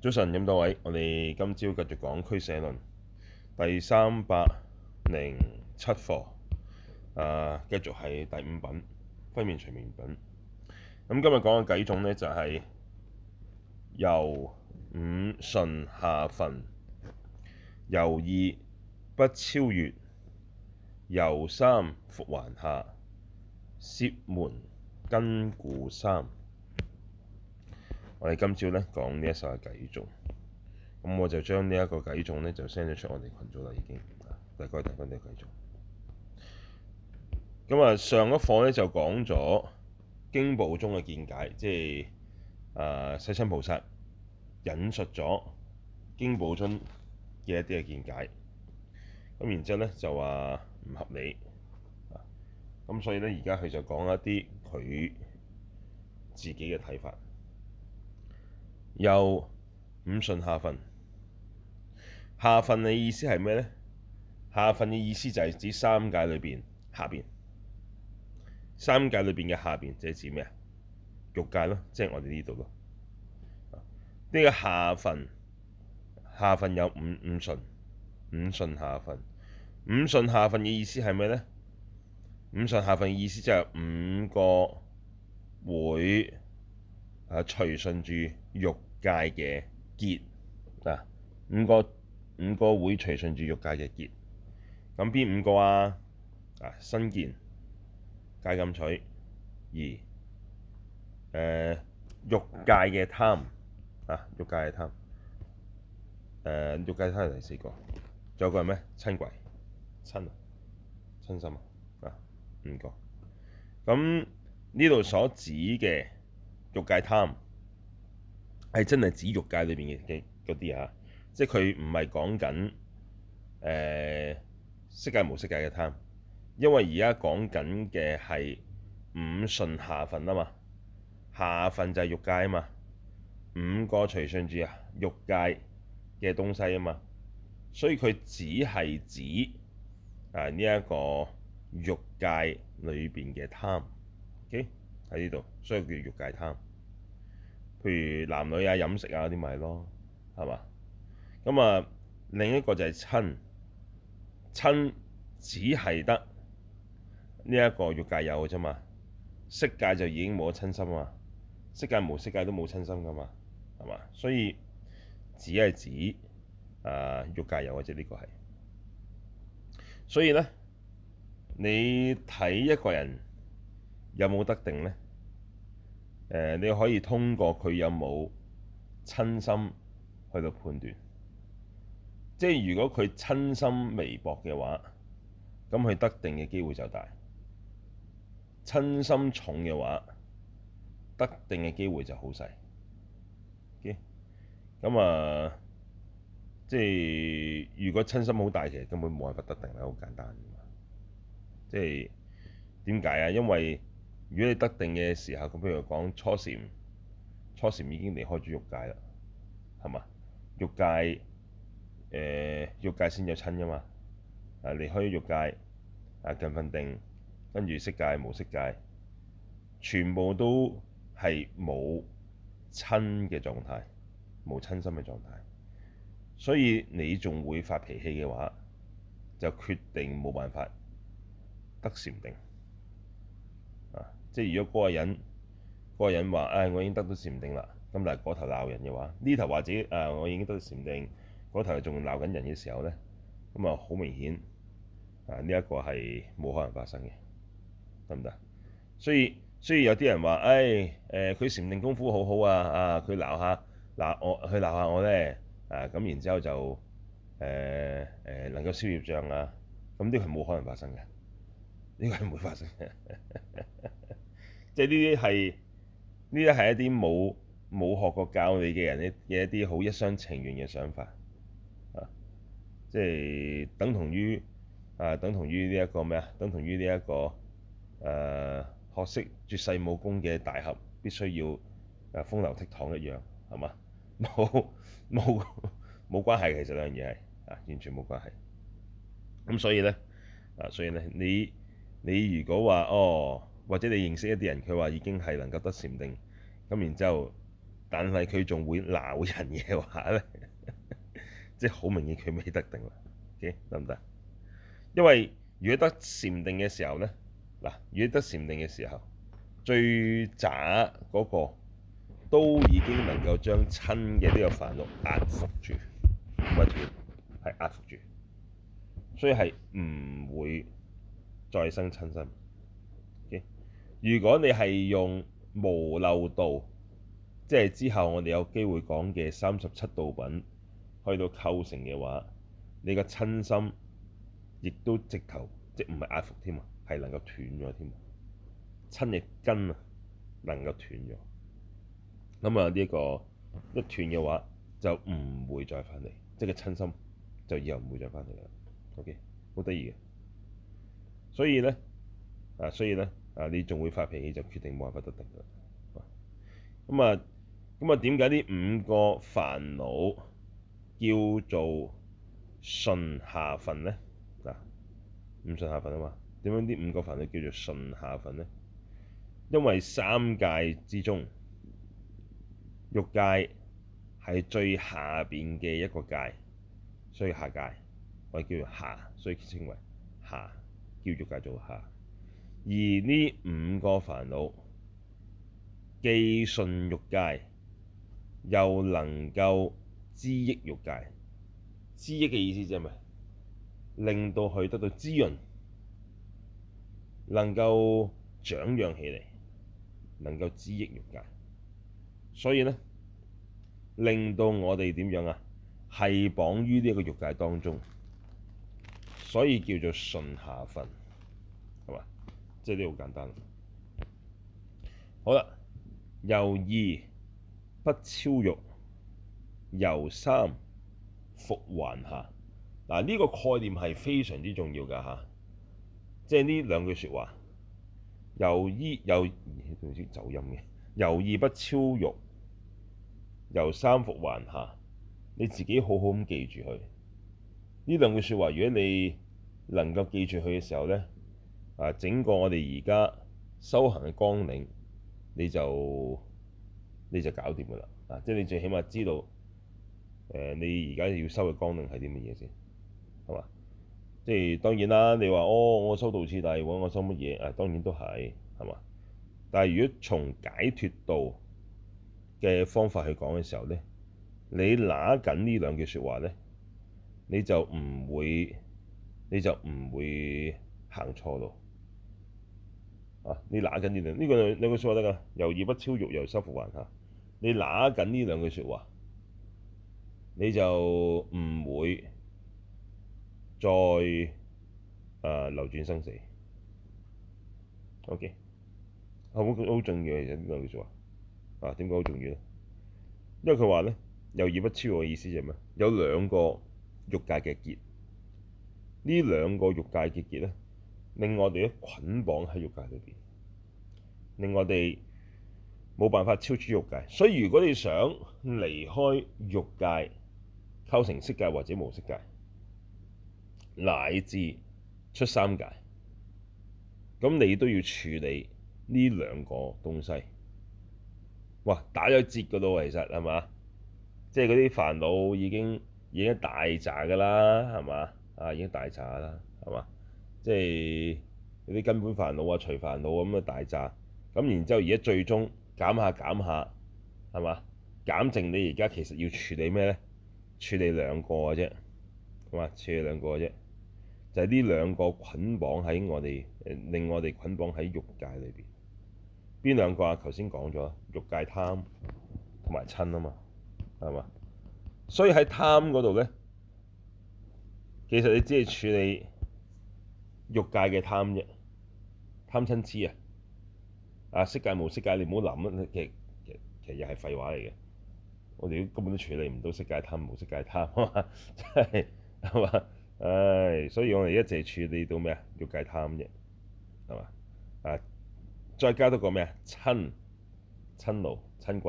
早晨，各位，我哋今朝繼續講俱舍論第三百零七課，啊、呃，繼續係第五品，分別隨眠品。咁、嗯、今日講嘅幾種咧，就係、是、由五順下分，由二不超欲，由三復還下，攝門根故三。我哋今朝咧，講呢，講一首嘅偈頌咁，我就將呢一個偈頌咧就 send 咗出我哋群組啦。已經大概大部分嘅偈頌咁啊。上一課咧就講咗經部宗嘅見解，即係啊世親菩薩引述咗經部宗嘅一啲嘅見解。咁然之後咧就話唔合理，咁所以咧而家佢就講一啲佢自己嘅睇法。有五信下份。下份嘅意思係咩呢？下份嘅意思就係指三界裏邊下邊，三界裏邊嘅下邊即係指咩啊？欲界咯，即、就、係、是、我哋呢度咯。呢、這個下份，下份有五五信，五信下份，五信下份嘅意思係咩呢？五信下分意思就係五個會，誒隨順住欲。界嘅結啊，五個五個會隨順住欲界嘅結。咁、啊、邊五個啊啊？身見、戒禁取、疑誒欲界嘅貪啊，欲界嘅貪誒，欲、啊、界貪係、啊、第四個，仲有個係咩？瞋恚瞋啊，瞋心啊啊，五個。咁呢度所指嘅欲界貪，係真係指欲界裏邊嘅嘅嗰啲啊，即係佢唔係講緊誒色界無色界嘅貪，因為而家講緊嘅係五順下分啊嘛，下分就係欲界啊嘛，五個隨順住欲界嘅東西啊嘛，所以佢只係指啊呢一、這個欲界裏邊嘅貪，喺呢度，所以叫欲界貪。譬如男女啊、飲食啊啲咪咯，係嘛？咁啊，另一個就係瞋，瞋，瞋只係得呢一、呢個欲界有嘅啫嘛。色界就已經冇瞋心啊，色界冇，色界都冇瞋心噶嘛，係嘛？所以只係指啊欲界有嘅啫，呢、呃呢個係。所以咧，你睇一個人有冇得定咧？誒你可以通過佢有冇瞋心去到判斷，即係如果佢瞋心微薄嘅話，咁佢得定嘅機會就大；瞋心重嘅話，得定嘅機會就好細。嘅咁啊，即係如果瞋心好大，其實根本冇辦法得定啦，好簡單，即係點解啊？因為如果你得定嘅時候，咁譬如講初禪，初禪已經離開咗欲界啦，係嘛？欲界，誒欲界先有瞋噶嘛？啊離開咗欲界，啊近分定，跟住色界、無色界，全部都係冇瞋嘅狀態，冇瞋心嘅狀態，所以你仲會發脾氣嘅話，就決定冇辦法得禪定。即係如果嗰個人嗰個人話：唉，我已經得到禪定啦，咁但係嗰頭鬧人嘅話，呢頭或者誒我已經得到禪定，嗰頭仲鬧緊人嘅時候咧，咁啊好明顯啊，呢一個係冇可能發生嘅，得唔得？所以所以有啲人話：唉誒，佢禪定功夫好好啊，啊佢鬧下嗱我，佢鬧下我咧，啊咁然之後就誒誒能夠消業障啊，咁呢個係冇可能發生嘅，呢個係唔會發生嘅。 即係呢啲係呢啲係一啲冇冇學過教理嘅人嘅一啲好一廂情願嘅想法啊！即係等同於啊，等同於呢一個咩啊？等同於呢一個誒學識絕世武功嘅大俠必須要啊風流倜儻一樣係嘛？冇冇冇關係，其實兩樣嘢係啊，完全冇關係。咁所以咧啊，所以咧你你如果話哦。或者你認識一啲人，佢話已經係能夠得禪定，咁然之後，但係佢仲會鬧人嘅話咧， 即係好明顯佢未得定啦。OK 得唔得？因為如果得禪定嘅時候咧，嗱，如果得禪定嘅時候，最渣嗰個都已經能夠將親嘅呢個煩惱壓服住，乜啊要係壓服住，所以係唔會再生親身。如果你係用無漏道，即係之後我哋有機會講嘅三十七道品去到構成嘅話，你個瞋心亦都直頭即唔係壓服添啊，係能夠斷咗添，瞋嘅根啊能夠斷咗。咁啊、這個，呢一個一斷嘅話就唔會再返嚟，即係個瞋心就以後唔會再返嚟啦。OK，好得意嘅。所以咧啊，所以咧。啊！你仲會發脾氣就決定冇辦法得的啦。咁、嗯、啊，咁、嗯、啊，點解呢五個煩惱叫做順下分咧？嗱，五順下分啊嘛。點樣呢五個煩惱叫做順下分咧？因為三界之中，欲界係最下邊嘅一個界，所以下界，我哋叫做下，所以稱為下，叫欲界做下。而呢五個煩惱既順欲界，又能夠滋益欲界。滋益嘅意思即係咩？令到佢得到滋潤，能夠長養起嚟，能夠滋益欲界。所以咧，令到我哋點樣啊？係綁於呢一個欲界當中，所以叫做順下分，係嘛？即係啲好簡單好啦、這個哎，由二不超欲，由三復還下嗱。呢個概念係非常之重要㗎吓，即係呢兩句説話，由一由，對走音嘅由二不超欲，由三復還下，你自己好好咁記住佢呢兩句説話。如果你能夠記住佢嘅時候咧。啊！整個我哋而家修行嘅綱領，你就你就搞掂噶啦！啊，即係你最起碼知道，誒、呃，你而家要修嘅綱領係啲乜嘢先，係嘛？即係當然啦，你話哦，我修道次第，但我修乜嘢？啊，當然都係，係嘛？但係如果從解脫道嘅方法去講嘅時候咧，你拿緊呢兩句説話咧，你就唔會你就唔會行錯路。啊！你拿緊啲咧，呢個兩兩句説話得噶，由二不超欲，由三復還下。你拿緊呢兩句説話，你就唔會再誒流轉生死。OK，好，好重要嘅呢兩句説話。啊，點解好重要咧？因為佢話咧，由二不超嘅意思就係咩？有兩個欲界嘅結，呢兩個欲界嘅結咧。令我哋一捆綁喺欲界裏邊，令我哋冇辦法超出欲界。所以如果你想離開欲界、構成色界或者無色界，乃至出三界，咁你都要處理呢兩個東西。哇！打咗折嗰度，其實係嘛？即係嗰啲煩惱已經已經大紮㗎啦，係嘛？啊，已經大扎啦，係嘛？即係有啲根本煩惱啊、除煩惱咁嘅大扎，咁然之後而家最終減下減下，係嘛？減剩你而家其實要處理咩咧？處理兩個嘅啫，係嘛？處理兩個嘅啫，就係呢兩個捆綁喺我哋令我哋捆綁喺欲界裏邊。邊兩個啊？頭先講咗欲界貪同埋瞋啊嘛，係嘛？所以喺貪嗰度咧，其實你只係處理。欲界嘅貪啫，貪瞋痴啊！啊，色界無色界，你唔好諗，其其其實係廢話嚟嘅。我哋根本都處理唔到色界貪、無色界貪。唉、 即係，係嘛？哎，所以我哋一直處理到咩啊？欲界貪啫，係嘛？啊，再加多個咩啊？瞋瞋怒瞋恚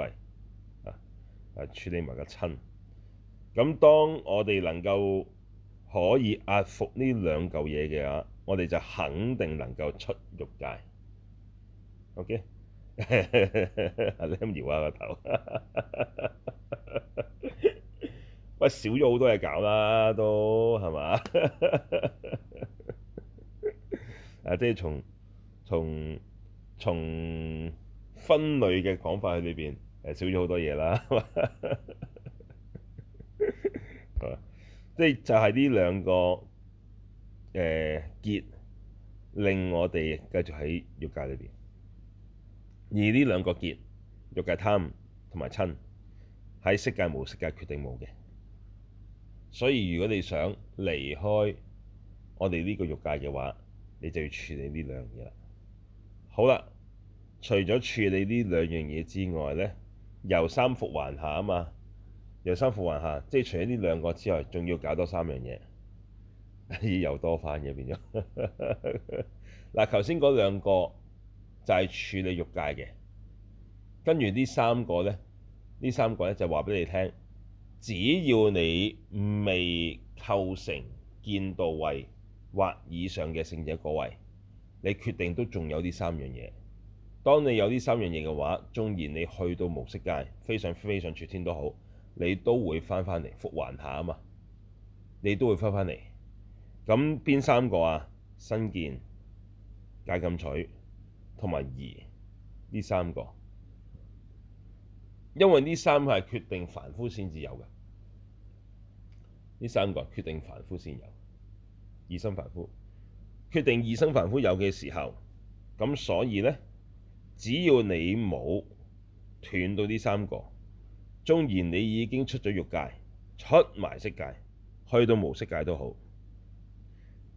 啊！啊，處理埋個瞋。咁當我哋能夠可以壓服呢兩嚿嘢嘅啊！我哋就肯定能夠出欲界，OK？ 你咁搖下個頭， 喂，少咗好多嘢搞啦，都係嘛？ 啊，即係從從從分類嘅講法去呢邊，誒，少咗好多嘢啦，係 嘛？即係就係呢兩個。誒，結令我哋繼續喺欲界裏邊，而呢兩個結，欲界貪同埋瞋，喺色界無色界決定冇嘅。所以如果你想離開我哋呢個欲界嘅話，你就要處理呢兩樣嘢啦。好啦，除咗處理呢兩樣嘢之外咧，由三復還下啊嘛，由三復還下，即係除咗呢兩個之外，仲要搞多三樣嘢。 又多翻嘅變咗嗱，頭先嗰兩個就係、是、處理欲界嘅，跟住呢三個呢，呢三個呢就話俾你聽，只要你未構成見道位或以上嘅聖者果位，你決定都仲有呢三樣嘢。當你有呢三樣嘢嘅話，縱然你去到無色界，非想非非想天都好，你都會翻返嚟復還下啊嘛，你都會翻返嚟。咁邊三個啊？身見戒禁取同埋疑呢三個，因為呢三個係決定凡夫先至有嘅，呢三個決定凡夫先有，異生凡夫決定異生凡夫有嘅時候，咁所以呢，只要你冇斷到呢三個，縱然你已經出咗欲界、出埋色界、去到無色界都好。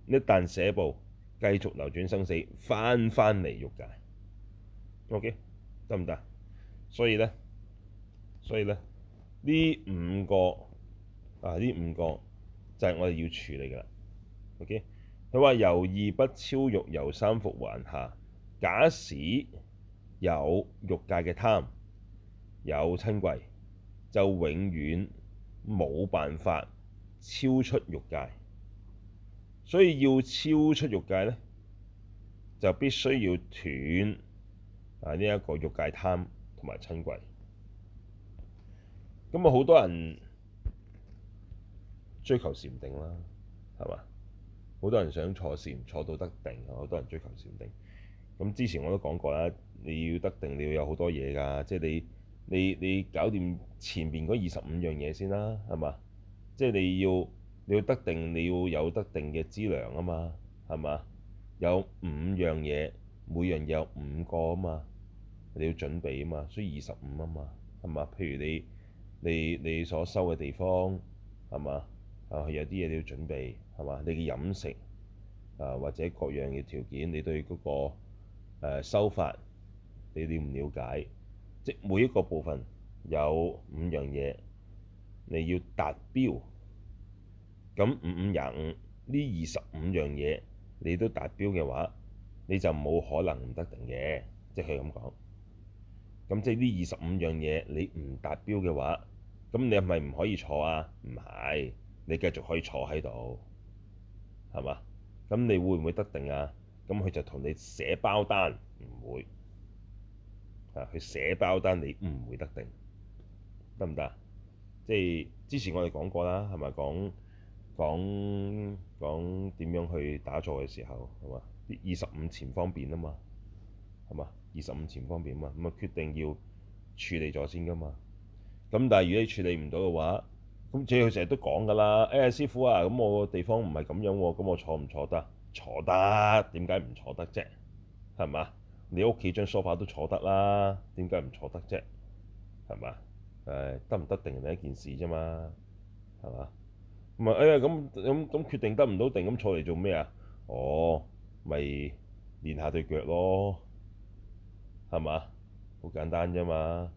一旦捨報，繼續流轉生死，翻返嚟欲界。O.K. 得唔得？所以咧，所以咧，呢五個啊，呢五個就係我哋要處理嘅啦。O.K. 佢話由二不超欲，由三復還下。假使有欲界嘅貪，有瞋恚，就永遠冇辦法超出欲界。所以要超出欲界咧，就必須要斷啊呢一個欲界貪同埋瞋恚。咁啊，好多人追求禪定啦，係嘛？好多人想坐禪，坐到得定，好多人追求禪定。咁之前我都講過啦，你要得定，你要有好多嘢㗎，即係你你你搞掂前面嗰二十五樣嘢先啦，係嘛？即係你要。你要得定，你要有得定嘅資糧啊嘛，係嘛？有五樣嘢，每樣有五個啊嘛，你要準備啊嘛，所以二十五啊嘛，係嘛？譬如你你你所收嘅地方，係嘛？啊，有啲嘢你要準備，係嘛？你嘅飲食啊，或者各樣嘅條件，你對嗰個誒修法你了唔了解？即每一個部分有五樣嘢，你要達標。咁五五廿五呢，二十五樣嘢，你都達標嘅話，你就冇可能唔得定嘅。就是，即係佢咁講。咁即係呢二十五樣嘢，你唔達標嘅話，咁你係咪唔可以坐啊？唔係，你繼續可以坐喺度，係嘛？咁你會唔會得定啊？咁佢就同你寫包單，唔會啊。佢寫包單，你唔會得定，得唔得？即係之前我哋講過啦，係咪講？講講講點樣去打坐嘅時候係嘛？啲二十五前方便啊嘛，係嘛？二十五前方便啊嘛，咁啊決定要處理咗先㗎嘛。咁但係如果你處理唔到嘅話，咁只要成日都講㗎啦。呀、欸，師傅啊，咁我個地方唔係咁樣喎，啊，咁我坐唔坐得？坐得，點解唔坐得啫？係嘛？你屋企張梳 o 都坐得啦，點解唔坐得啫？係嘛？誒得唔得定係一件事啫嘛，係嘛？唔係，哎呀，咁咁咁決定得唔到定咁坐嚟做咩啊？哦，咪練下對腳咯，係嘛？好簡單啫嘛。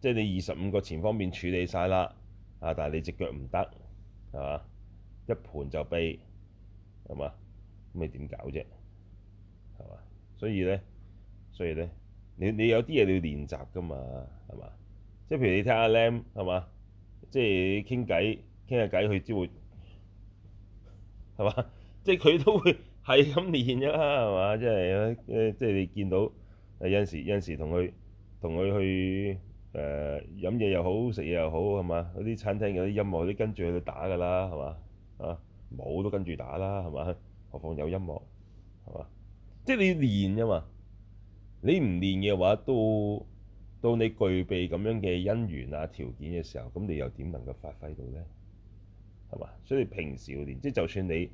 即係你二十五個前方便處理晒啦，啊！但係你隻腳唔得，係嘛？一盤就痹，係嘛？咁你點搞啫？係嘛？所以咧，所以咧，你你有啲嘢你要練習㗎嘛，係嘛？即係譬如你睇阿 Lam，係嘛？即係傾偈。傾下偈，佢都會係嘛？即係佢都會係咁練嘅啦，係嘛？即係即係你見到啊，有時有時同佢同佢去誒飲嘢又好，食嘢又好，係嘛？嗰啲餐廳嗰啲音樂都跟住佢打㗎啦，係嘛？啊，舞都跟住打啦，係嘛？何況有音樂，係嘛？即係你要練啫嘛？你唔練嘅話，到到你具備咁樣嘅因緣啊條件嘅時候，咁你又點能夠發揮到咧？係嘛？所以平時嗰啲，即係就算你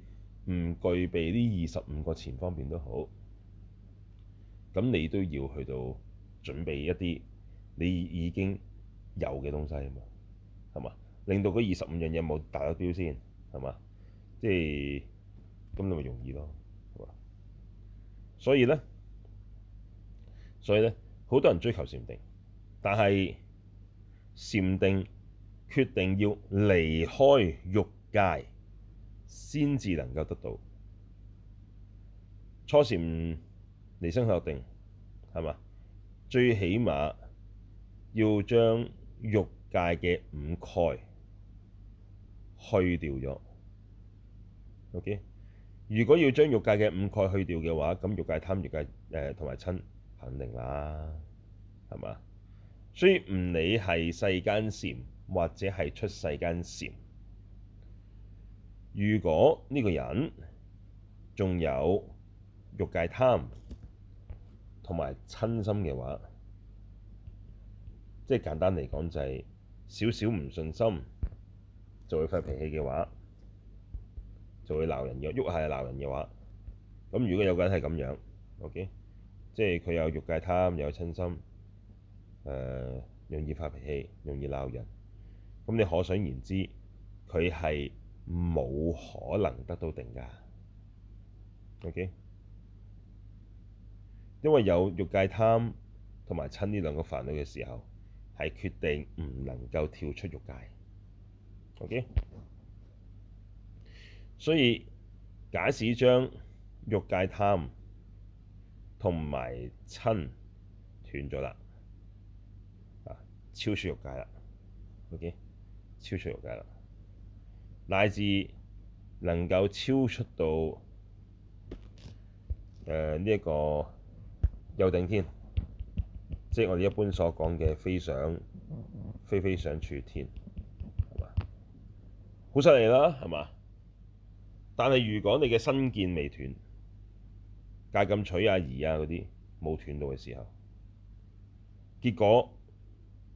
唔具備呢二十五個前方便都好，咁你都要去到準備一啲你已經有嘅東西啊嘛，係嘛？令到嗰二十五樣嘢冇達到標先，係嘛？即係咁你咪容易咯。係嘛？所以咧，所以咧，好多人追求禪定，但係禪定。決定要離開欲界，先至能夠得到初禪離生喜樂，確定係嘛？最起碼要將欲界嘅五蓋去掉咗。OK，如果要將欲界嘅五蓋去掉嘅話，咁欲界貪、欲界誒，同埋瞋肯定啦，係嘛？所以唔理係世間禪。或者係出世間禪，如果呢個人仲有欲界貪同埋瞋心嘅話，即係簡單嚟講就係少少唔順心就會發脾氣嘅話，就會鬧人嘅喐下鬧人嘅話。咁如果有個人係咁樣，OK，即係佢有欲界貪又有瞋心，誒、呃、容易發脾氣，容易鬧人。咁你可想而知，佢係冇可能得到定嘅，OK？因為有欲界貪同埋瞋呢兩個煩惱嘅時候，係決定唔能夠跳出欲界，OK？所以假使將欲界貪同埋瞋斷咗啦，啊，超出欲界啦，OK？超出欲界啦，乃至能夠超出到誒呢一個有頂天，即係我哋一般所講嘅非想非非想處天，係嘛？好犀利啦，係嘛？但係如果你嘅身見未斷，戒禁取啊，啊、疑啊嗰啲冇斷到嘅時候，結果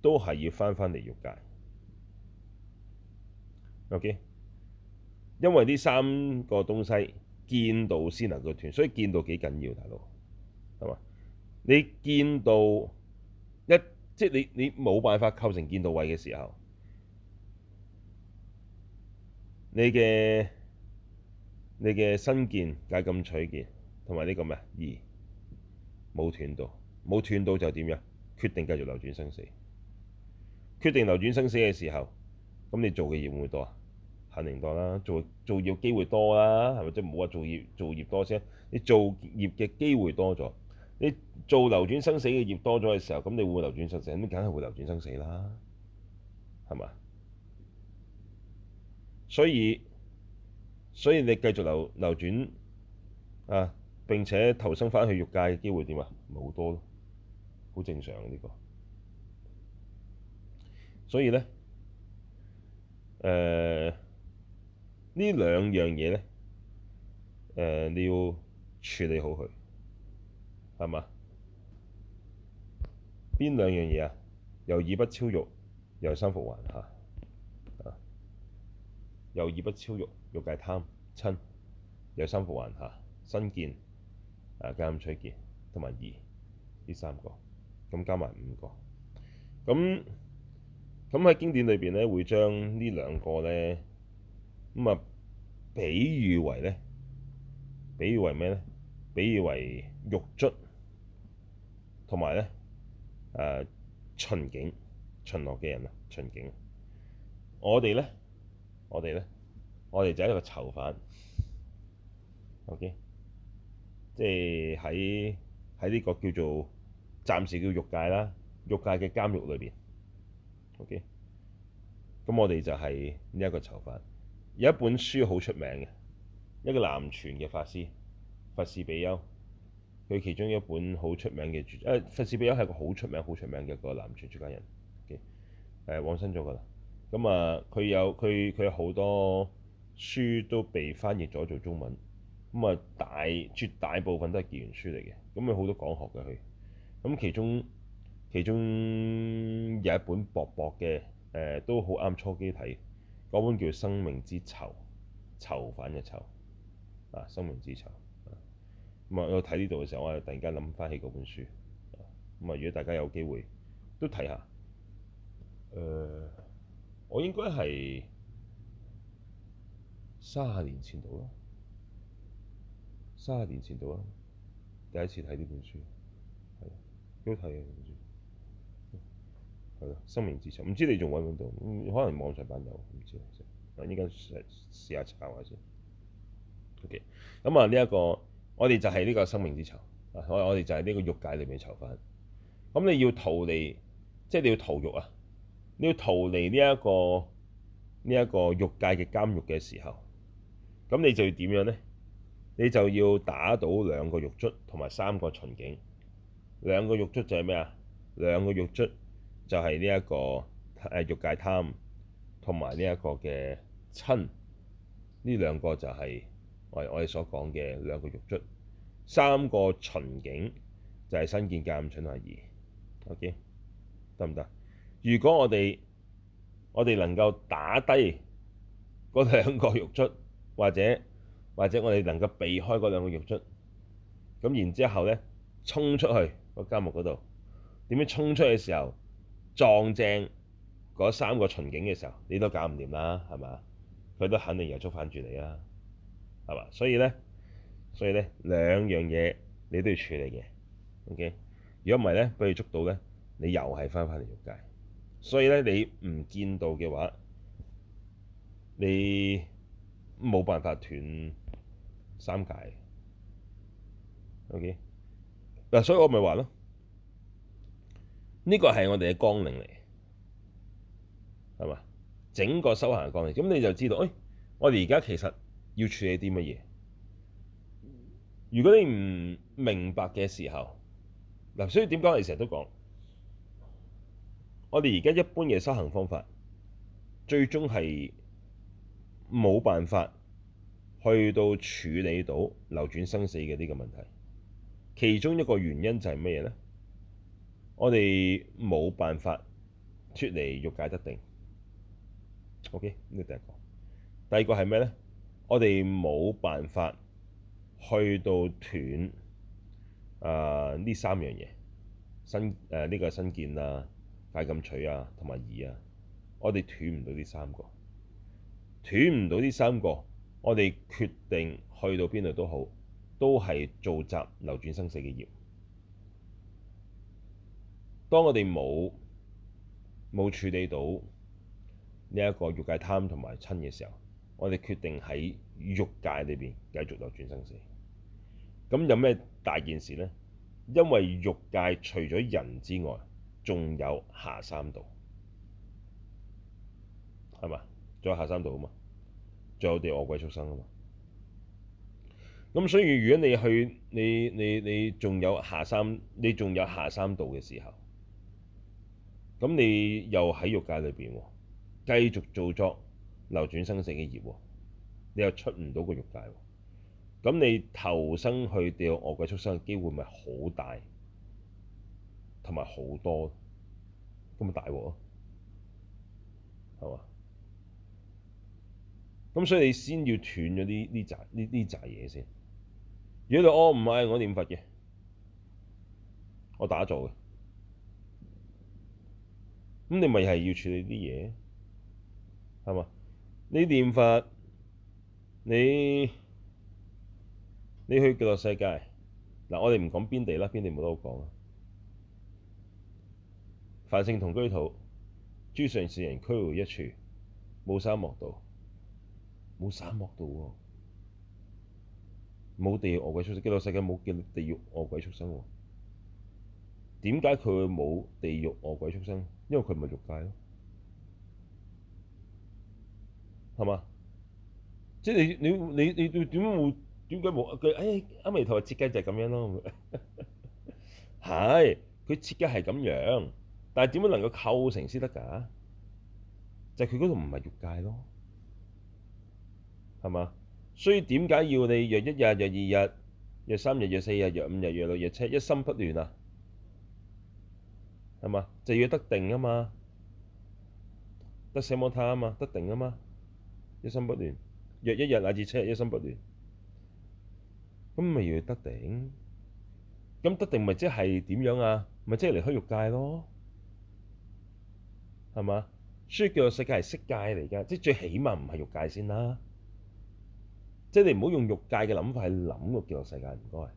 都係要返返嚟欲界。OK，因為呢三個東西見到先能夠斷，所以見到幾緊要，大佬，係嘛？你見到一，即係你你冇辦法構成見到位嘅時候，你嘅你嘅身見、戒禁取見，同埋呢個咩疑冇斷到，冇斷到就點樣？決定繼續流轉生死，決定流轉生死嘅時候，咁你做嘅業會唔會多啊？年代啦，做做業機會多啦，係咪？即係唔好話做業做業多先，你做業嘅機會多咗，你做流轉生死嘅業多咗嘅時候，咁你會唔會流轉生死？咁梗係會流轉生死啦，係咪啊？所以所以你繼續流流轉啊，並且投生返去欲界嘅機會點啊？唔係好多，好正常呢個。所以咧，誒。呢兩樣嘢咧，誒、呃、你要處理好佢，係嘛？邊兩樣嘢啊？由二不超欲，由三復還下，啊！由二不超欲，欲界貪、瞋，由三復還下，身見啊，戒禁取見，同埋疑呢三個，咁加埋五個，咁咁喺經典裏邊咧，會將呢兩個咧。咁啊，比喻為咧，比喻為咩咧？比喻為獄卒同埋咧，誒，巡警巡邏嘅人啊，巡警。我哋咧，我哋咧，我哋就係一個囚犯。O K，即係喺喺呢個叫做暫時叫欲界啦，欲界嘅監獄裏邊。O K，咁我哋就係呢一個囚犯。有一本書好出名嘅，一個南傳嘅法師，佛使比丘，佢其中一本好出名嘅主，誒佛使比丘係個好出名、好出名嘅、okay? 呃、一個南傳出家人嘅，誒往生咗噶啦。咁啊，佢有佢佢有好多書都被翻譯咗做中文，咁啊大絕大部分都係結緣書嚟嘅，咁佢好多講學嘅佢，咁其中其中有一本薄薄嘅，誒、呃、都好啱初機睇。嗰本叫生、啊《生命之囚》，囚犯嘅囚啊，《生命之囚》。咁啊，我睇呢度嘅時候，我突然間諗翻起嗰本書。咁啊，如果大家有機會都睇下。誒、呃，我應該係三十年前到啦，三十年前到啦，第一次睇呢本書。要、啊、睇係咯，生命之囚，唔知你仲揾唔揾到？可能網上版有，唔知先。依家試，試查下查下先。OK，咁啊呢一個，我哋就係呢個生命之囚啊！我我哋就係呢個欲界裏面囚犯。咁你要逃離，即、就、係、是、你要逃獄啊！你要逃離呢、這、一個呢一、這個欲界嘅監獄嘅時候，咁你就要點樣咧？你就要打倒兩個獄卒同埋三個巡警。兩個獄卒就係咩啊？兩個獄卒。就係呢一個誒欲、呃、界貪，同埋呢一個嘅瞋，呢兩個就係我我哋所講嘅兩個獄卒。三個巡警就係、是、身見、戒禁取、疑，OK 得唔得？如果我哋我哋能夠打低嗰兩個獄卒，或者或者我哋能夠避開嗰兩個獄卒，咁然之後咧衝出去嗰監獄嗰度，點樣衝出去嘅時候？撞正嗰三個巡警嘅時候，你都搞唔掂啦，係嘛？佢都肯定又捉翻住你啦，係嘛？所以咧，所以咧，兩樣嘢你都要處理嘅，OK？如果唔係咧，俾你捉到咧，你又係翻返嚟欲界。所以咧，你唔見道嘅話，你冇辦法斷三界，OK？嗱，所以我咪話咯。呢個係我哋嘅綱領嚟，係嘛？整個修行嘅綱領，咁你就知道，誒、哎，我哋而家其實要處理啲乜嘢？如果你唔明白嘅時候，嗱，所以點講？我哋成日都講，我哋而家一般嘅修行方法，最終係冇辦法去到處理到流轉生死嘅呢個問題。其中一個原因就係乜嘢咧？我哋冇辦法脫離欲界得定。OK，咁呢第一個，第二個係咩咧？我哋冇辦法去到斷啊呢、呃、三樣嘢，身誒呢、呃這個身見啊、戒禁取啊同埋疑啊，我哋斷唔到呢三個，斷唔到呢三個，我哋決定去到邊度都好，都係做集流轉生死嘅業。當我哋冇冇處理到呢一個欲界貪同埋瞋嘅時候，我哋決定喺欲界呢邊繼續度轉生死。咁有咩大件事呢？因為欲界除咗人之外，仲有下三道，係嘛？仲有下三道啊嘛，仲有我哋餓鬼畜生啊嘛。咁所以如果你去你你你仲有下三，你仲有下三道嘅時候。咁你又喺欲界裏邊喎，繼續做作流轉生死嘅業，你又出唔到個欲界喎，咁你投生去掉惡鬼畜生嘅機會咪好大，同埋好多，咁咪大鑊囉，係嘛？咁所以你先要斷咗呢呢扎呢呢扎嘢先，如果你、哦、我唔係我念佛嘅，我打坐嘅。咁你咪係要處理啲嘢，係嘛？你念佛，你你去極樂世界，嗱我哋唔講邊地啦，邊地冇得好講啊。凡聖同居土，諸上善人俱會一處，冇三惡道，冇三惡道喎、啊，冇地獄餓鬼畜生，極樂世界冇極地獄餓鬼畜生喎、啊。點解佢冇地獄餓鬼畜生？因為佢唔係欲界咯，係嘛？即係你你你你點點解冇？佢誒阿彌陀設計就係咁樣咯，係佢設計係咁樣，但係點樣能夠構成先得㗎？就係佢嗰度唔係欲界咯，係嘛？所以點解要你若一日、若二日、若三日、若四日、若五日、若六日、若七一心不亂啊？係嘛？就要得定啊嘛，得奢摩他啊嘛，得定啊嘛，一心不亂，若一日乃至七日一心不亂，咁咪要得定。咁得定咪即係點樣啊？咪即係離開欲界咯，係嘛？所以叫做世界係色界嚟噶，即係最起碼唔係欲界先啦。即係你唔好用欲界嘅諗法去諗個叫做世界，唔該。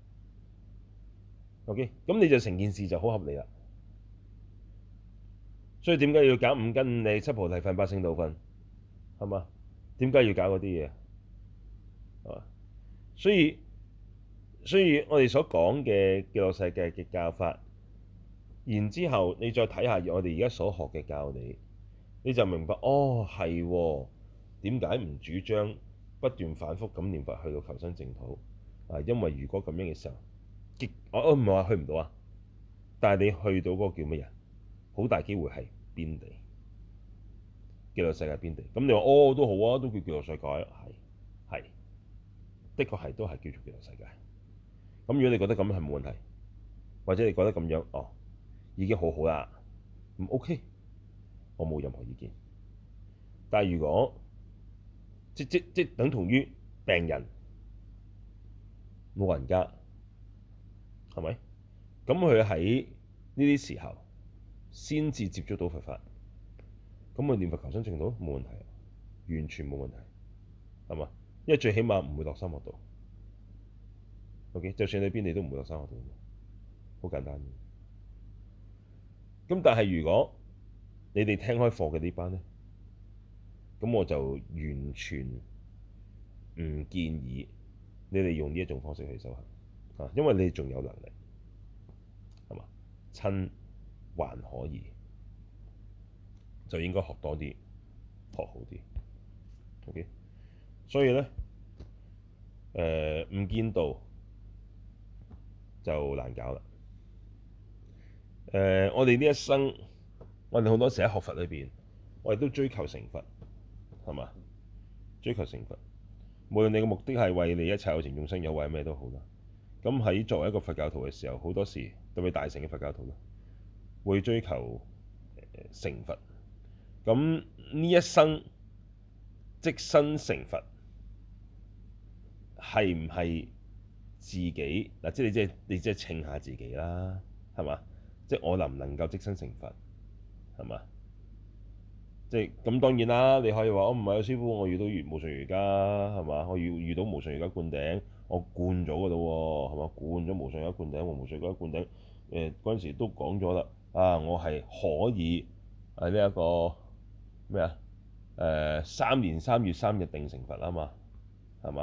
OK，咁你就成件事就好合理啦。所以點解要搞五根五力七菩提分八聖道分？係嘛？點解要搞嗰啲嘢，係嘛？所以所以我哋所講嘅極樂世界嘅教法，然之後你再睇下我哋而家所學嘅教理，你就明白哦係點解唔主張不斷反覆咁念佛去到求生淨土啊？因為如果咁樣嘅時候，極我都唔係話去唔到啊，但係你去到嗰個叫乜嘢？好大機會係邊地，極樂世界邊地。咁你話哦都好啊，都叫極樂世界，係係的確係都係叫做極樂世界。咁如果你覺得咁樣係冇問題，或者你覺得咁樣哦已經好好啦，咁 OK，我冇任何意見。但係如果即，即即即等同於病人冇人家係咪？咁佢喺呢啲時候，先至接觸到佛法，咁啊，念佛求生淨土，冇問題，完全冇問題，係嘛？因為最起碼唔會落三惡道，Okay，就算你邊地都唔會落三惡道。好簡單。咁但係如果你哋聽開課嘅呢班咧，咁我就完全唔建議你哋用呢一種方式去修行，嚇，因為你哋仲有能力，係嘛？親。還可以，就應該學多啲，學好啲。O.K.，所以咧，誒、呃、唔見道就難搞啦。誒、呃，我哋呢一生，我哋好多時喺學佛裏邊，我哋都追求成佛，係嘛？追求成佛，無論你嘅目的係為你一切有情眾生有為咩都好啦。咁喺作為一個佛教徒嘅時候，好多時特別大乘嘅佛教徒咧。會追求、呃、成佛，咁呢一生即身成佛係唔係自己嗱、啊？即係你即係你即係稱下自己啦，係嘛？即係我能唔能夠即身成佛，係嘛？即係咁當然啦，你可以話我唔係啊，師傅，我遇到遇無上瑜伽係嘛？我遇遇到無上瑜伽灌頂，我灌咗㗎喇喎，係嘛？灌咗無上瑜伽灌頂，無上瑜伽灌頂，誒嗰陣時都講咗啦。啊！我係可以誒呢一個咩啊？誒三年三月三日定成佛啊嘛，係嘛？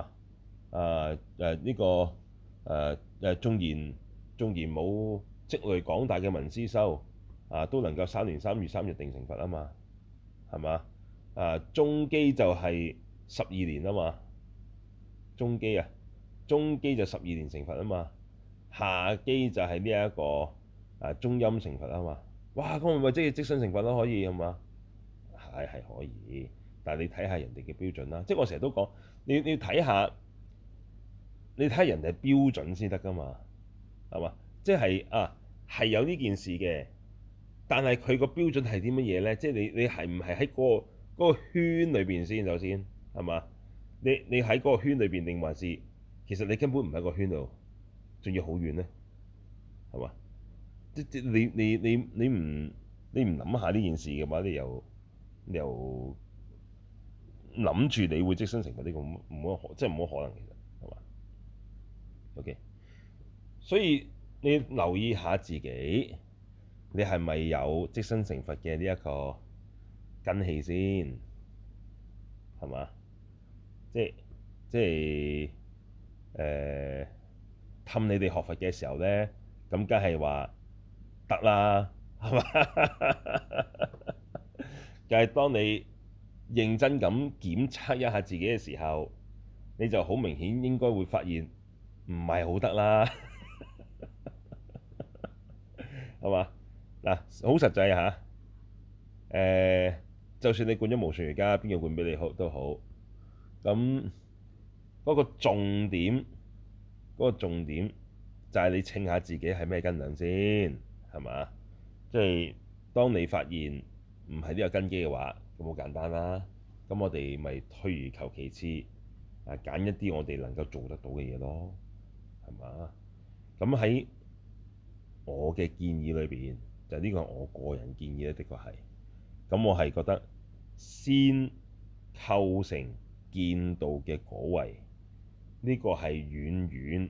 啊誒呢、啊這個誒誒縱然縱然冇積累廣大嘅聞思修啊，都能夠三年三月三日定成佛啊嘛，係嘛？啊中基就係十二年啊嘛，中基啊，中基就十二年成佛啊嘛，下基就係呢一個。啊！中陰成佛啊嘛，哇！咁咪咪即係即身成佛都可以，係嘛？係係可以，但係你睇下人哋嘅標準啦。即係我成日都講，你要你要睇下，你睇下人哋嘅標準先得㗎嘛？係嘛？即係啊，係有呢件事嘅，但係佢個標準係啲乜嘢咧？即係你你係唔係喺嗰個圈裏邊先？首先係嘛？你你喺嗰個圈裏邊定還是其實你根本唔喺個圈度，仲要好遠呢，係嘛？你你你你唔你唔諗下呢件事嘅話，你又你又諗住你會即身成佛呢？唔唔好可，即唔好可能，其實係嘛？OK，所以你留意下自己，你係咪有即身成佛嘅呢一個根器先？係嘛？即即誒氹、呃、你哋學佛嘅時候咧，咁梗係話。得啦，係嘛？ 就係當你認真咁檢測一下自己嘅時候，你就好明顯應該會發現唔係好得啦，係 嘛好吧？嗱， 好實際嚇。誒、啊，就算你灌咗無數，而家邊個灌俾你好都好，咁嗰、嗰個重點嗰、嗰個重點就係你稱下自己係咩斤兩先。係嘛？即係當你發現唔係呢個根基嘅話，咁好簡單啦。咁我哋咪退而求其次，誒揀一啲我哋能夠做得到嘅嘢咯。係嘛？咁喺我嘅建議裏邊，就呢、是、個我個人建議咧，的確係咁。我係覺得先構成見道嘅果位，呢、這個係遠遠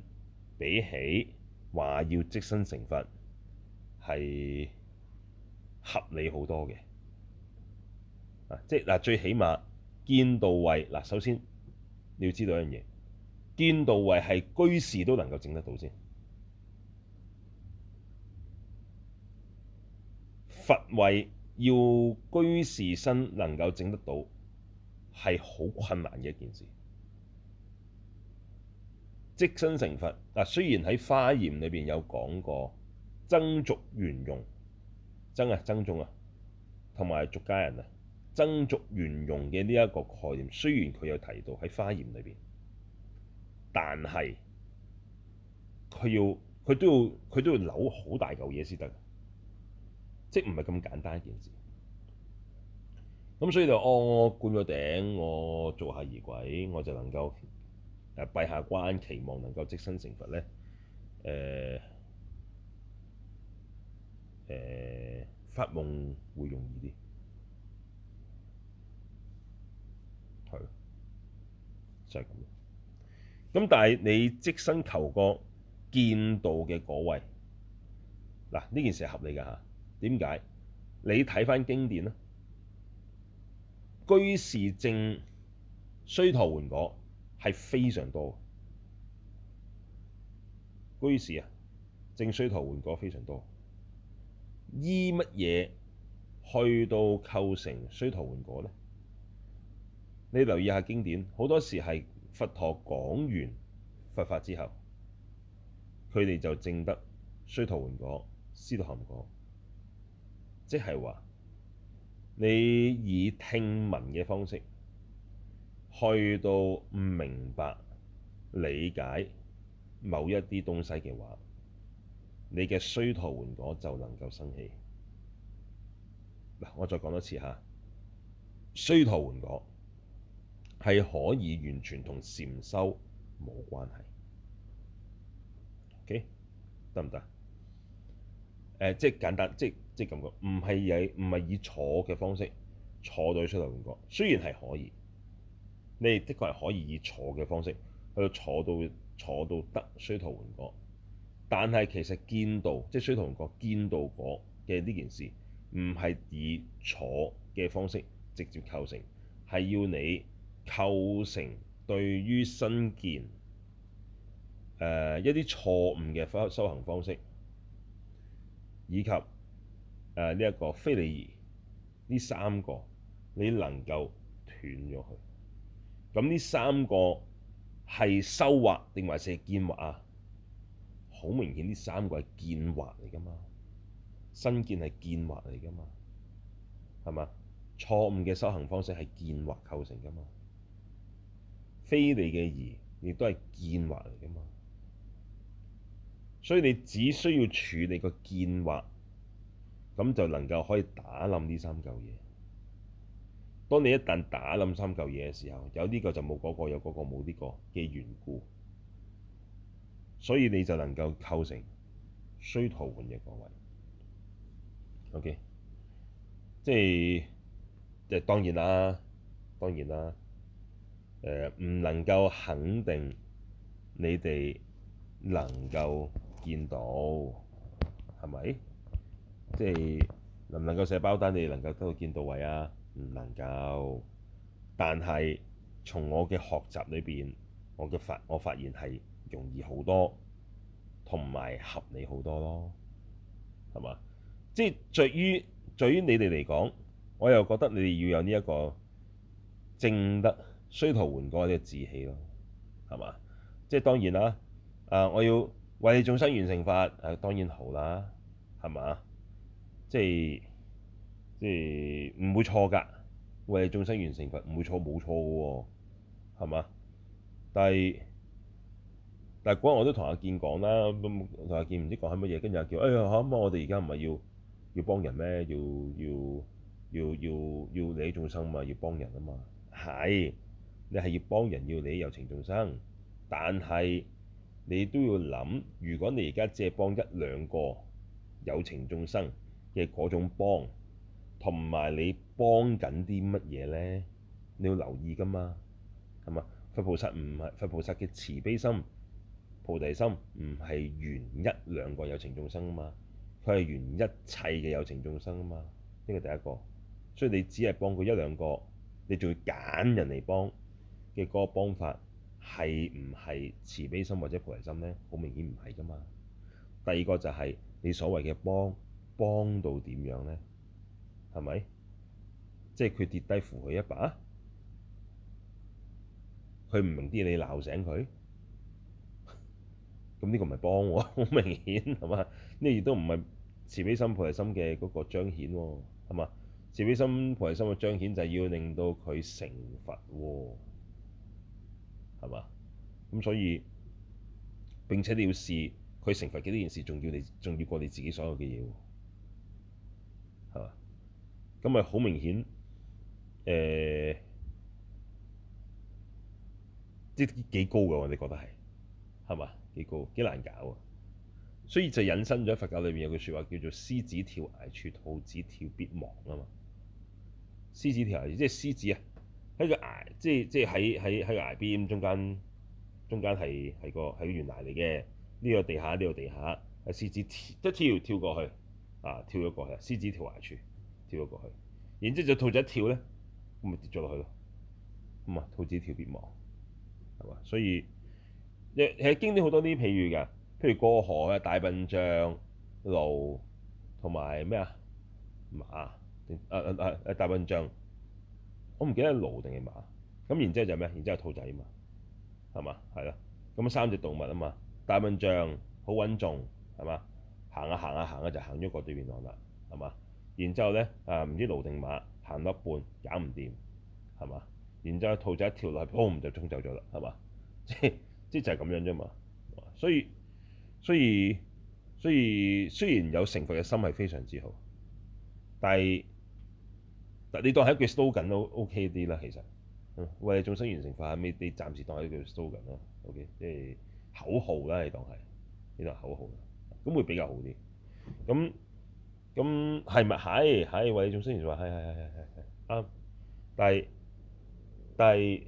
比起話要即身成佛。係合理好多嘅，啊，即係嗱，最起碼見道位。嗱，首先你要知道一樣嘢，見道位係居士都能夠整得到先。佛位要居士身能夠整得到，係好困難嘅一件事。即身成佛嗱，雖然喺華嚴裏邊有講過。僧俗圓融，僧啊僧眾啊，同埋俗家人啊，僧俗圓融嘅呢一個概念，雖然佢有提到喺華嚴裏邊，但係佢要佢都要佢都要扭好大嚿嘢先得，即唔係咁簡單一件事。咁所以就我、哦、灌咗頂，我做下儀軌，我就能夠誒閉下關，期望能夠即身成佛咧，誒、呃。誒、呃、發夢會容易啲，係，就係、是、咁。咁但係你即身求個見道嘅嗰位，嗱呢件事係合理㗎嚇。點、啊、解？你睇翻經典啦，居士證須陀洹果係非常多，居士啊，證須陀洹果非常多。依乜嘢去到構成須陀洹果咧？你留意下經典，好多時係佛陀講完佛法之後，佢哋就證得須陀洹果、斯陀含果，即係話你以聽聞嘅方式去到唔明白理解某一啲東西嘅話。你嘅須陀洹果就能夠生氣嗱，我再講多次嚇，須陀洹果係可以完全同禪修冇關係，OK 得唔得？誒、呃，即係簡單，即係即係咁講，唔係以唔係以坐嘅方式坐到去須陀洹果，雖然係可以，你的確係可以以坐嘅方式去到坐到坐到得須陀洹果。但係其實見道，即係需要同人講見道果嘅呢件事，唔係以坐嘅方式直接構成，係要你構成對於身見誒、呃、一啲錯誤嘅修修行方式，以及誒呢一個非理疑，呢三個你能夠斷咗佢，咁呢三個係修惑定還是見惑啊？好明顯，呢三個係見惑嚟㗎嘛，身見係見惑嚟㗎嘛，係咪？錯誤嘅修行方式係見惑構成㗎嘛，非理嘅疑亦都係見惑嚟㗎嘛，所以你只需要處理個見惑，咁就能夠可以打冧呢三嚿嘢。當你一旦打冧三嚿嘢嘅時候，有呢個就冇嗰個，有嗰個冇呢個嘅緣故。所以你就能夠構成須陀洹嘅果位，OK，即係，誒當然啦，當然啦，誒、呃、唔能夠肯定你哋能夠見道，係咪？即係能唔能夠寫包單？你哋能夠得到見道位啊？唔能夠，但係從我嘅學習裏邊，我嘅發我發現係。容易好多，同埋合理好多咯，係嘛？即係對於對於你哋嚟講，我又覺得你哋要有呢一個正得，衰圖換過呢個志氣咯，係嘛？即係當然啦，啊、呃，我要為眾生完成法，誒、啊、當然好啦，係嘛？即係即係唔會錯㗎，為眾生完成佛唔會錯，冇錯嘅喎、哦，係嘛？但係。但嗰日我都同阿健講啦，同阿健唔知講係乜嘢。跟住阿健叫：「哎呀嚇，咁我哋而家唔係要要幫人咩？要要要要要理眾生嘛？要幫人啊嘛？係你係要幫人，要理有情眾生，但係你都要諗，如果你而家只係幫一兩個有情眾生嘅嗰種幫，同埋你幫緊啲乜嘢咧？你要留意㗎嘛？係嘛？佛菩薩唔係佛菩薩嘅慈悲心。菩提心唔係圓一兩個有情眾生啊嘛，佢係圓一切嘅有情眾生啊嘛。呢個第一個，所以你只係幫佢一兩個，你仲要揀人嚟幫嘅嗰個幫法係唔係慈悲心或者菩提心呢？好明顯唔係噶嘛。第二個就係你所謂嘅幫幫到點樣呢？係咪？即係佢跌低扶佢一把，佢唔明啲你鬧醒佢。咁呢個唔係幫喎，好明顯係嘛？呢亦都唔係慈悲心菩提心嘅嗰個彰顯喎、啊，係嘛？慈悲心菩提心嘅彰顯就係要令到佢成佛喎，係嘛？咁所以並且你要試佢成佛嘅多件事，仲要你仲要過你自己所有嘅嘢、啊，係嘛？咁咪好明顯誒，即幾高嘅你覺得係、啊，係嘛？幾高幾難搞啊！所以就引申咗佛教裏面有句説話叫做「獅子跳崖處，兔子跳必亡」啊嘛！獅子跳崖，即係獅子啊，喺個崖，即係即係喺喺喺個崖邊中間，中間係係個係個懸崖嚟嘅。呢、呢個地下，呢、呢個地下，啊獅子跳，跳跳過去啊，跳咗過去，獅子跳崖處，跳咗過去。然之後就兔子一跳咧，咁咪跌咗落去咯。咁啊，兔子跳必亡，係嘛？所以。誒係經典好多啲，譬如嘅，譬如過河嘅大笨象、驢同埋咩啊馬定啊？啊啊大笨象，我唔記得係驢定係馬。咁然之後就咩？然之後兔仔嘛係嘛係咯。咁三隻動物啊嘛，大笨象好穩重係嘛，行啊行啊行啊就行咗個對面岸啦係嘛。然之後咧啊唔知驢定馬行到一半揀唔掂係嘛。然之後兔仔一跳落去，boom、哦、就沖走咗啦係嘛，即係。 即就係咁樣啫嘛，所以所以所以雖然有成佛嘅心係非常之好，但係但你當係一句 slogan 都 OK 啲啦，其實，嗯、為，眾生完成化，咪你暫時當係一句 slogan 啦，okay, OK 即係口號啦，你當係呢個口號，咁會比較好啲。咁咁係咪係？係、嗯、為，眾生完成化，係係係係係係啱。但係但係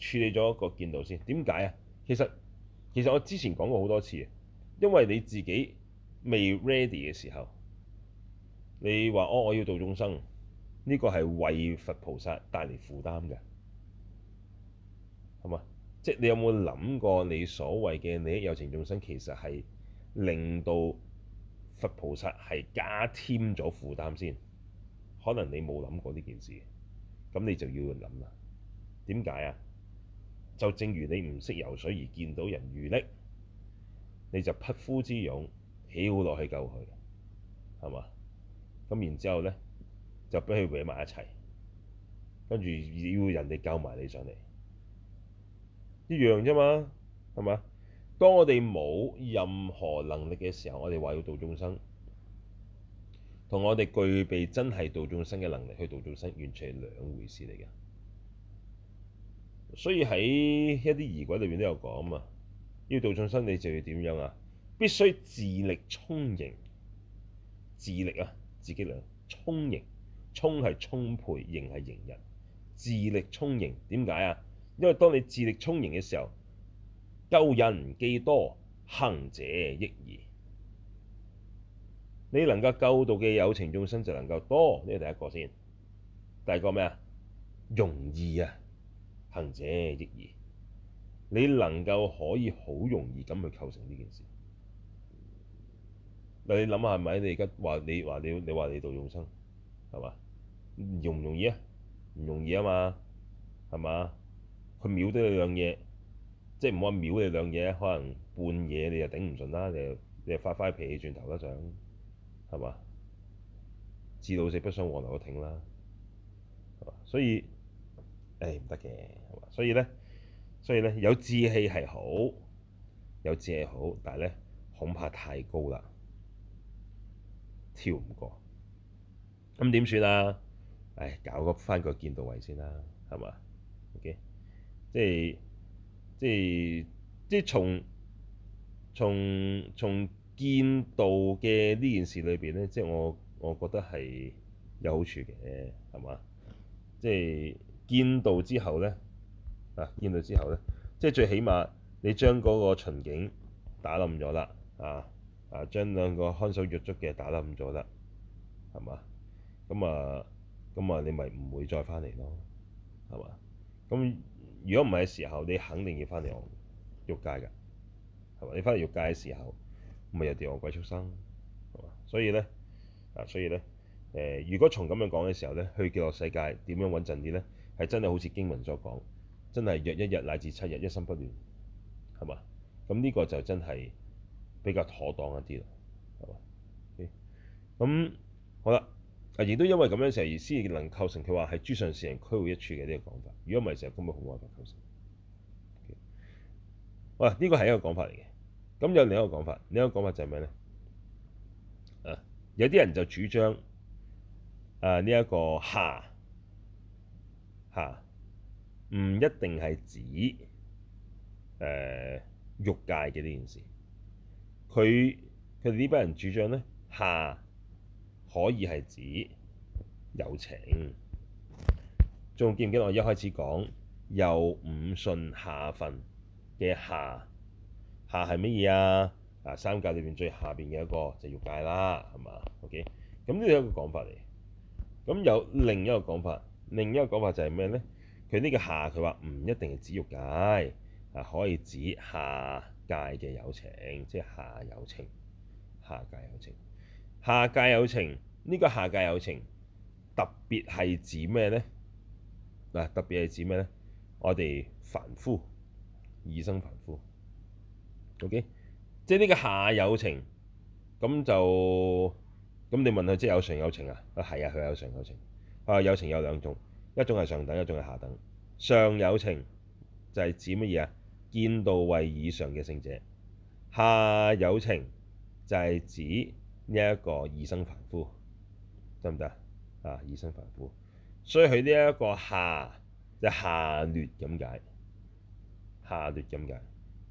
處理咗個見道先，點解啊？其實其實我之前講過好多次，因為你自己未 ready 嘅時候，你話哦，我要度眾生，呢個係為佛菩薩帶嚟負擔嘅，係嘛？即係你有冇諗過你所謂嘅你有情眾生其實係令到佛菩薩係加添咗負擔先？可能你冇諗過呢件事，咁你就要諗啦。點解啊？就正如你唔識游水而見到人遇溺，你就匹夫之勇跳落去救佢，係嘛？咁然之後呢，就俾佢搲埋一齊，跟住要人哋救埋你上嚟，一樣啫嘛，係嘛？當我哋冇任何能力嘅時候，我哋話要度眾生，同我哋具備真係度眾生嘅能力去度眾生，完全係兩回事嚟嘅。所以喺一啲儀軌裏面都有講嘛，要做眾生，你就要點樣啊？必須自力充盈，自力啊，自己量、啊、充盈，充係充沛，盈係盈人。自力充盈點解啊？因為當你自力充盈嘅時候，救人既多，行者益而，你能夠救度嘅有情眾生就能夠多。呢、這個第一個先，第二個咩啊？容易啊！行者益矣，你能夠可以好容易咁去構成呢件事，嗱你諗下係咪？你而家話你話你你話你度眾生係嘛？容唔容易啊？唔容易啊嘛，係嘛？佢秒得你兩嘢，即係唔可以秒你兩嘢，可能半夜你又頂唔順啦，你又你又發發脾氣轉頭得上，係嘛？自老死不相往來停啦，係嘛？所以。誒唔得嘅，所以咧，所以咧有志氣係好，有志氣好，但係咧恐怕太高啦，跳唔過。咁點算啊？誒，搞個翻個見道位先啦，係嘛？O K，即係即係即係從從從見道嘅呢件事裏邊咧，即係我我覺得係有好處嘅，係嘛？即係。見到之後咧啊，見到之後咧，即係最起碼你將嗰個巡警打冧咗啦啊啊！將兩個看守獄卒嘅打冧咗啦，係嘛？咁啊咁啊，你咪唔會再翻嚟咯，係嘛？咁如果唔係嘅時候，你肯定要翻嚟我欲界㗎，係嘛？你翻嚟欲界嘅時候，咪又跌餓鬼畜生，係嘛？所以咧啊，所以咧誒、呃，如果從咁樣講嘅時候咧，去極樂世界樣點樣穩陣啲咧？係真係好似經文所講，真係若一日乃至七日一心不亂，係嘛？咁呢個就真係比較妥當一啲咯，係嘛？咁、okay? 好啦，亦都因為咁樣成而先能構成佢話係諸上士人區會一處嘅呢、這個講法。如果唔係成日根本冇辦法構成。哇、okay?！呢個係一個講法嚟嘅。咁有另一個講法，另一個講法就係咩咧？有啲人就主張誒呢一個下。唔一定係指誒欲界嘅呢件事，佢佢呢班人主張咧，下可以係指有情。仲記唔記得我一開始講又五順下分嘅下下係乜嘢啊？啊，三界裏邊最下邊嘅一個就欲界啦，係嘛？OK，咁呢一個講法嚟，咁有另一個講法。另一個講法就係咩呢？佢呢個下，佢話唔一定係指欲界，啊可以指下界嘅有情，即係下有情、下界有情、下界有情。呢個下界有情特別係指咩呢？嗱，特別係指咩呢？我哋凡夫，異生凡夫。OK，即係呢個下有情，咁就咁你問佢即係有上有情啊？啊係啊，佢有上有情。啊，有情有兩種，一種係上等，一種係下等。上有情就係指乜嘢啊？見道位以上嘅聖者。下有情就係指呢一個異生凡夫，得唔得啊？啊！異生凡夫，所以佢呢一個下就係下劣咁解，下劣咁解，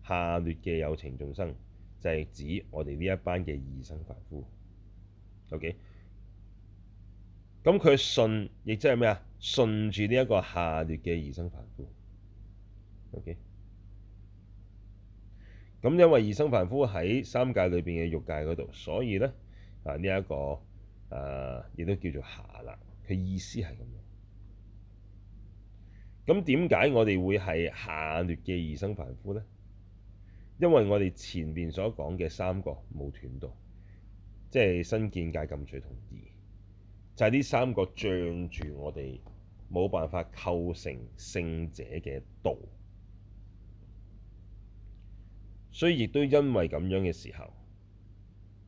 下劣嘅有情眾生就係指我哋呢一班嘅異生凡夫。OK。咁佢順，亦即係咩啊？順住呢一個下劣嘅異生凡夫。OK。咁因為異生凡夫喺三界裏邊嘅欲界嗰度，所以咧，啊，呢一個啊亦都叫做下啦。佢意思係咁樣。咁點解我哋會係下劣嘅異生凡夫咧？因為我哋前面所講嘅三個冇斷到，即係身見、戒禁取同疑。就係呢三個障住我哋冇辦法構成聖者嘅道，所以亦都因為咁樣嘅時候，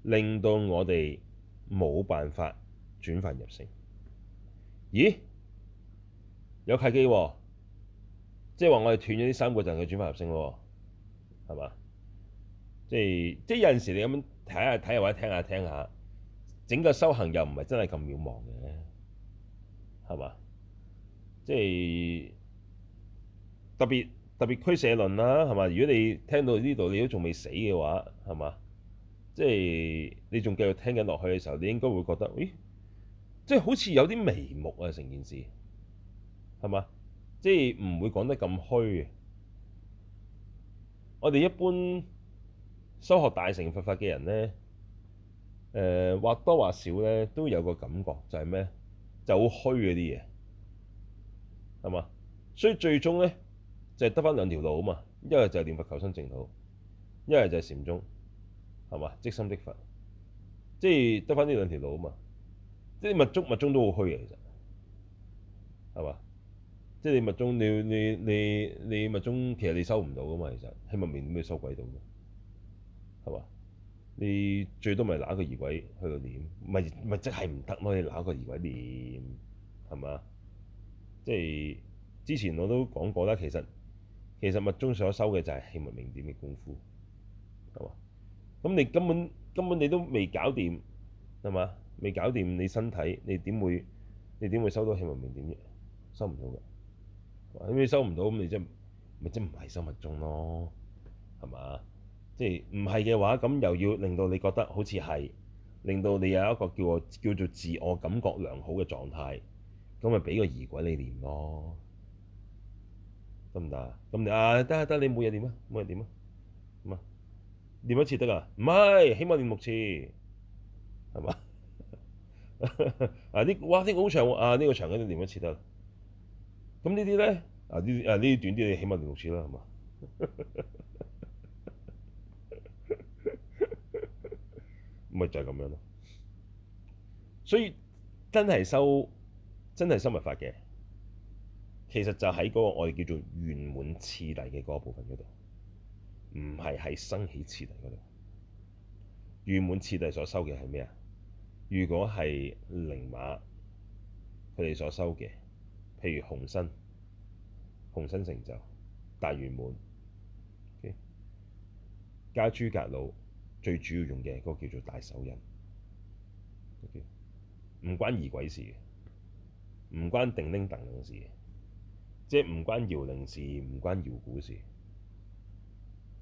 令到我哋冇辦法轉凡入聖。咦？有契機喎，即係話我哋斷咗呢三個陣嘅轉凡入聖咯，啊，係嘛？即係即係有陣時你咁樣睇下睇下或者聽下聽下。整個修行又唔係真係咁渺茫嘅，係嘛？即係特別特別俱舍論啦，係嘛？如果你聽到呢度你都仲未死嘅話，係嘛？即係你仲繼續聽緊落去嘅時候，你應該會覺得，咦？即係好似有啲眉目啊，成件事係嘛？即係唔會講得咁虛嘅。我哋一般修學大乘佛法嘅人咧。誒、呃、或多或少咧都有個感覺，就係、是、咩就好虛嗰啲嘢，係嘛？所以最終咧就係得返兩條路啊嘛，一係就係念佛求生淨土，一係就係禪宗，係嘛？即心即佛，即係得返呢兩條路啊嘛。即係密宗，密宗都好虛嘅其實，係嘛？即係你密宗，你你你你密宗其實你收唔到㗎嘛，其實希望面咩收鬼到，係嘛？你最多咪揦個移位去到點，咪咪即係唔得咯？你揦個移位練，係嘛？即係之前我都講過啦，其實其實密宗所收嘅就係氣脈明點嘅功夫，係嘛？咁你根本根本你都未搞掂，係嘛？未搞掂你身體，你點會你點會收到氣脈明點啫？收唔到嘅，咁你收唔到咁你即係咪即係唔係收密宗咯？係嘛？即係唔係嘅話，咁又要令到你覺得好似係，令到你有一個叫做叫做自我感覺良好嘅狀態，咁咪俾個儀軌你練咯，得唔得啊？咁啊得啊得，你每日練啊，每日練啊，咁啊練一次得啊？唔係，起碼練六次，係嘛？啊呢哇呢好長喎，啊呢個長嘅你練一次得，咁呢啲咧啊呢啊呢啲短啲你起碼練六次啦，係嘛？就係咁樣咯，所以真係修真係生物法嘅，其實就喺嗰個我哋叫做圓滿次第嘅嗰個部分嗰度，唔係喺生起次第嗰度。圓滿次第所修嘅係咩啊？如果係寧瑪佢哋所修嘅，譬如虹身虹身成就大圓滿，okay? 加朱格魯。最主要用嘅嗰個叫做大手印，okay? 唔關儀軌事，唔關定鈴等嘅事，即係唔關搖鈴事，唔關搖鼓事，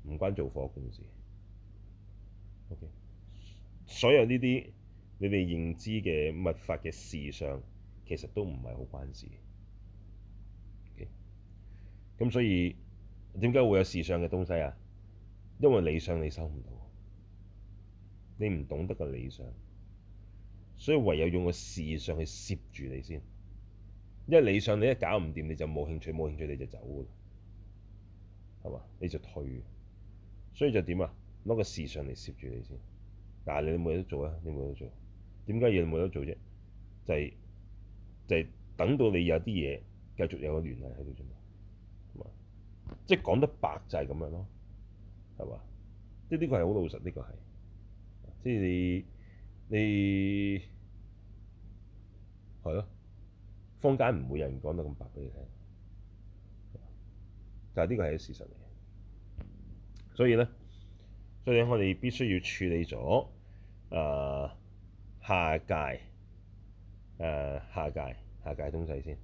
唔關做火供事。O.K. 所有呢啲你哋認知嘅密法嘅事相，其實都唔係好關事。Okay? 咁所以點解會有事相嘅東西啊？因為理想你收唔到。你唔懂得個理想，所以唯有用個事上去攝住你先。因為理想你一搞唔掂，你就冇興趣，冇興趣你就走㗎啦，係嘛？你就退，所以就點啊？攞個事上嚟攝住你先。但係，你冇得做啊？你冇得做，點解要冇得做啫？就係、是、就係、是、等到你有啲嘢繼續有個聯繫喺度啫嘛，係嘛？即係講得白就係咁樣咯，係嘛？即係呢個係好老實，呢個係。即係你你，係咯，坊間唔會有人講得咁白俾你聽，但係呢個係事實嚟，所以咧，所以我哋必須要處理咗啊、呃、下界，誒、呃、下界下界東西先。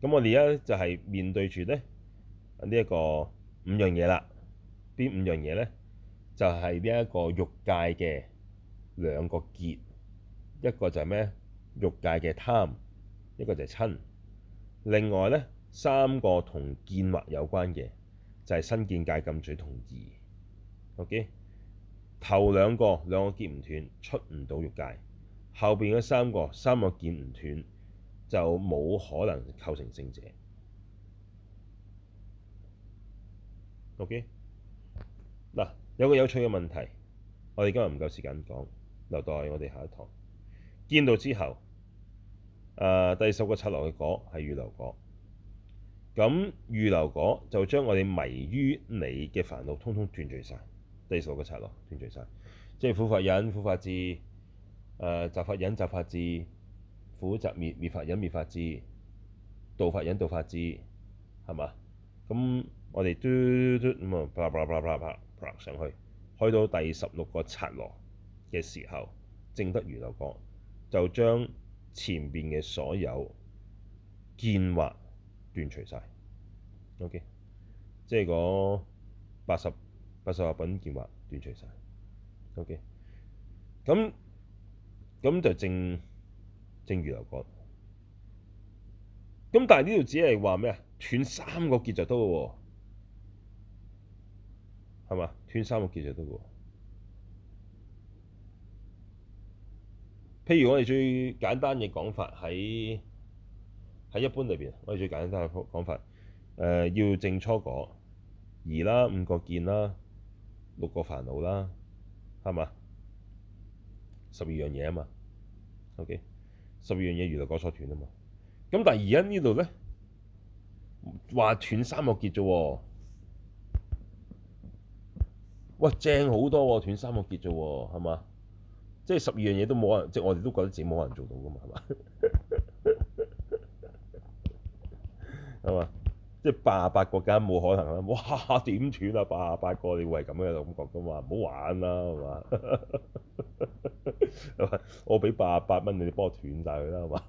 咁我哋而家就係面對住咧呢一、呢個五樣嘢啦。邊五，五樣嘢咧？嗯、就係呢一個欲界嘅。兩個結，一個就係咩？欲界嘅貪，一個就係瞋。另外咧，三個同見惑有關嘅就係、是、身見、戒禁取同疑。OK，頭兩個兩個結唔斷，出唔到欲界。後邊嘅三個三個結唔斷，就冇可能構成聖者。OK，嗱，有個有趣嘅問題，我哋今日唔夠時間講。留待我哋下一堂見到之後。誒，第十個剎那嘅果係預流果，咁預流果就將我哋迷於理嘅煩惱，通通斷除晒。第十個剎那斷除晒，即係苦法忍、苦法智、誒集法忍、集法智、苦集滅滅法忍、滅法智、道法忍、道法智，係嘛？咁我哋嘟嘟嘟咁啊，啪啪啪啪啪啪上去，去到第十六個剎那。嘅時候，證得預流果就將前邊嘅所有見惑斷除晒。o、OK? k 即係講八十八十八品見惑斷除晒。o k 咁咁就正正預流果。咁但係呢度只係話咩啊？斷三個結就得咯喎，係嘛？斷三個結就得喎。譬如我哋最簡單嘅講法，喺喺一般裏邊，我哋最簡單嘅講法，誒、呃、要證初果，疑啦五個見啦，六個煩惱啦，係嘛？十二樣嘢啊嘛，OK，十二樣嘢原來講錯斷啊嘛。咁但係而家呢度咧話斷三個結啫喎，哇正好多喎、啊，斷三個結啫喎，係嘛？即係十二樣嘢都冇可能，即係我哋都覺得自己冇可能做到噶嘛，係嘛？係嘛？即係八十八個梗冇可能啦！哇，點斷啊？八十八個你會係咁嘅感覺噶嘛？唔好玩啦，係嘛？我俾八十八蚊你，你幫我斷晒佢啦，係嘛？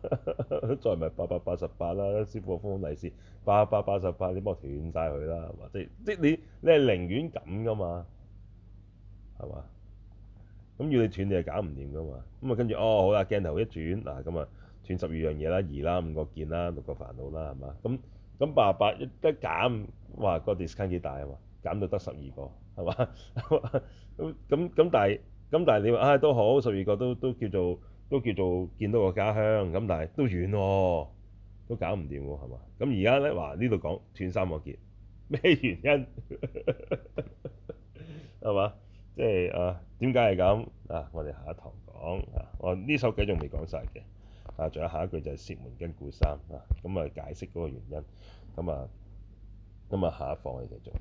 再唔係八百八十八啦，師傅封封利是，八百八十八，你幫我斷晒佢啦，係嘛？即係即係你你係寧願咁噶嘛？係嘛？咁要你斷，你係搞唔掂噶嘛？咁啊，跟住哦，好啦，鏡頭一轉嗱，咁啊，斷十二樣嘢啦，二啦，五個見啦，六個煩惱啦，係嘛？咁咁八十八一一減，哇，個 discount 幾大啊嘛？減到得十二個係嘛？咁咁咁，但係咁但係你話唉、哎，都好，十二個都都叫做都叫做見到個家鄉咁，但係都遠喎，都搞唔掂喎，係嘛？咁而家咧話呢度講斷三個結，咩原因係嘛？ 即係啊～點解係咁啊？我哋下一堂講啊，我呢首偈仲未講晒嘅啊，仲有下一句就係、是、攝門根故三啊，咁啊解釋嗰個原因。咁啊，咁啊，啊，啊，啊，啊，啊下一課我哋繼續。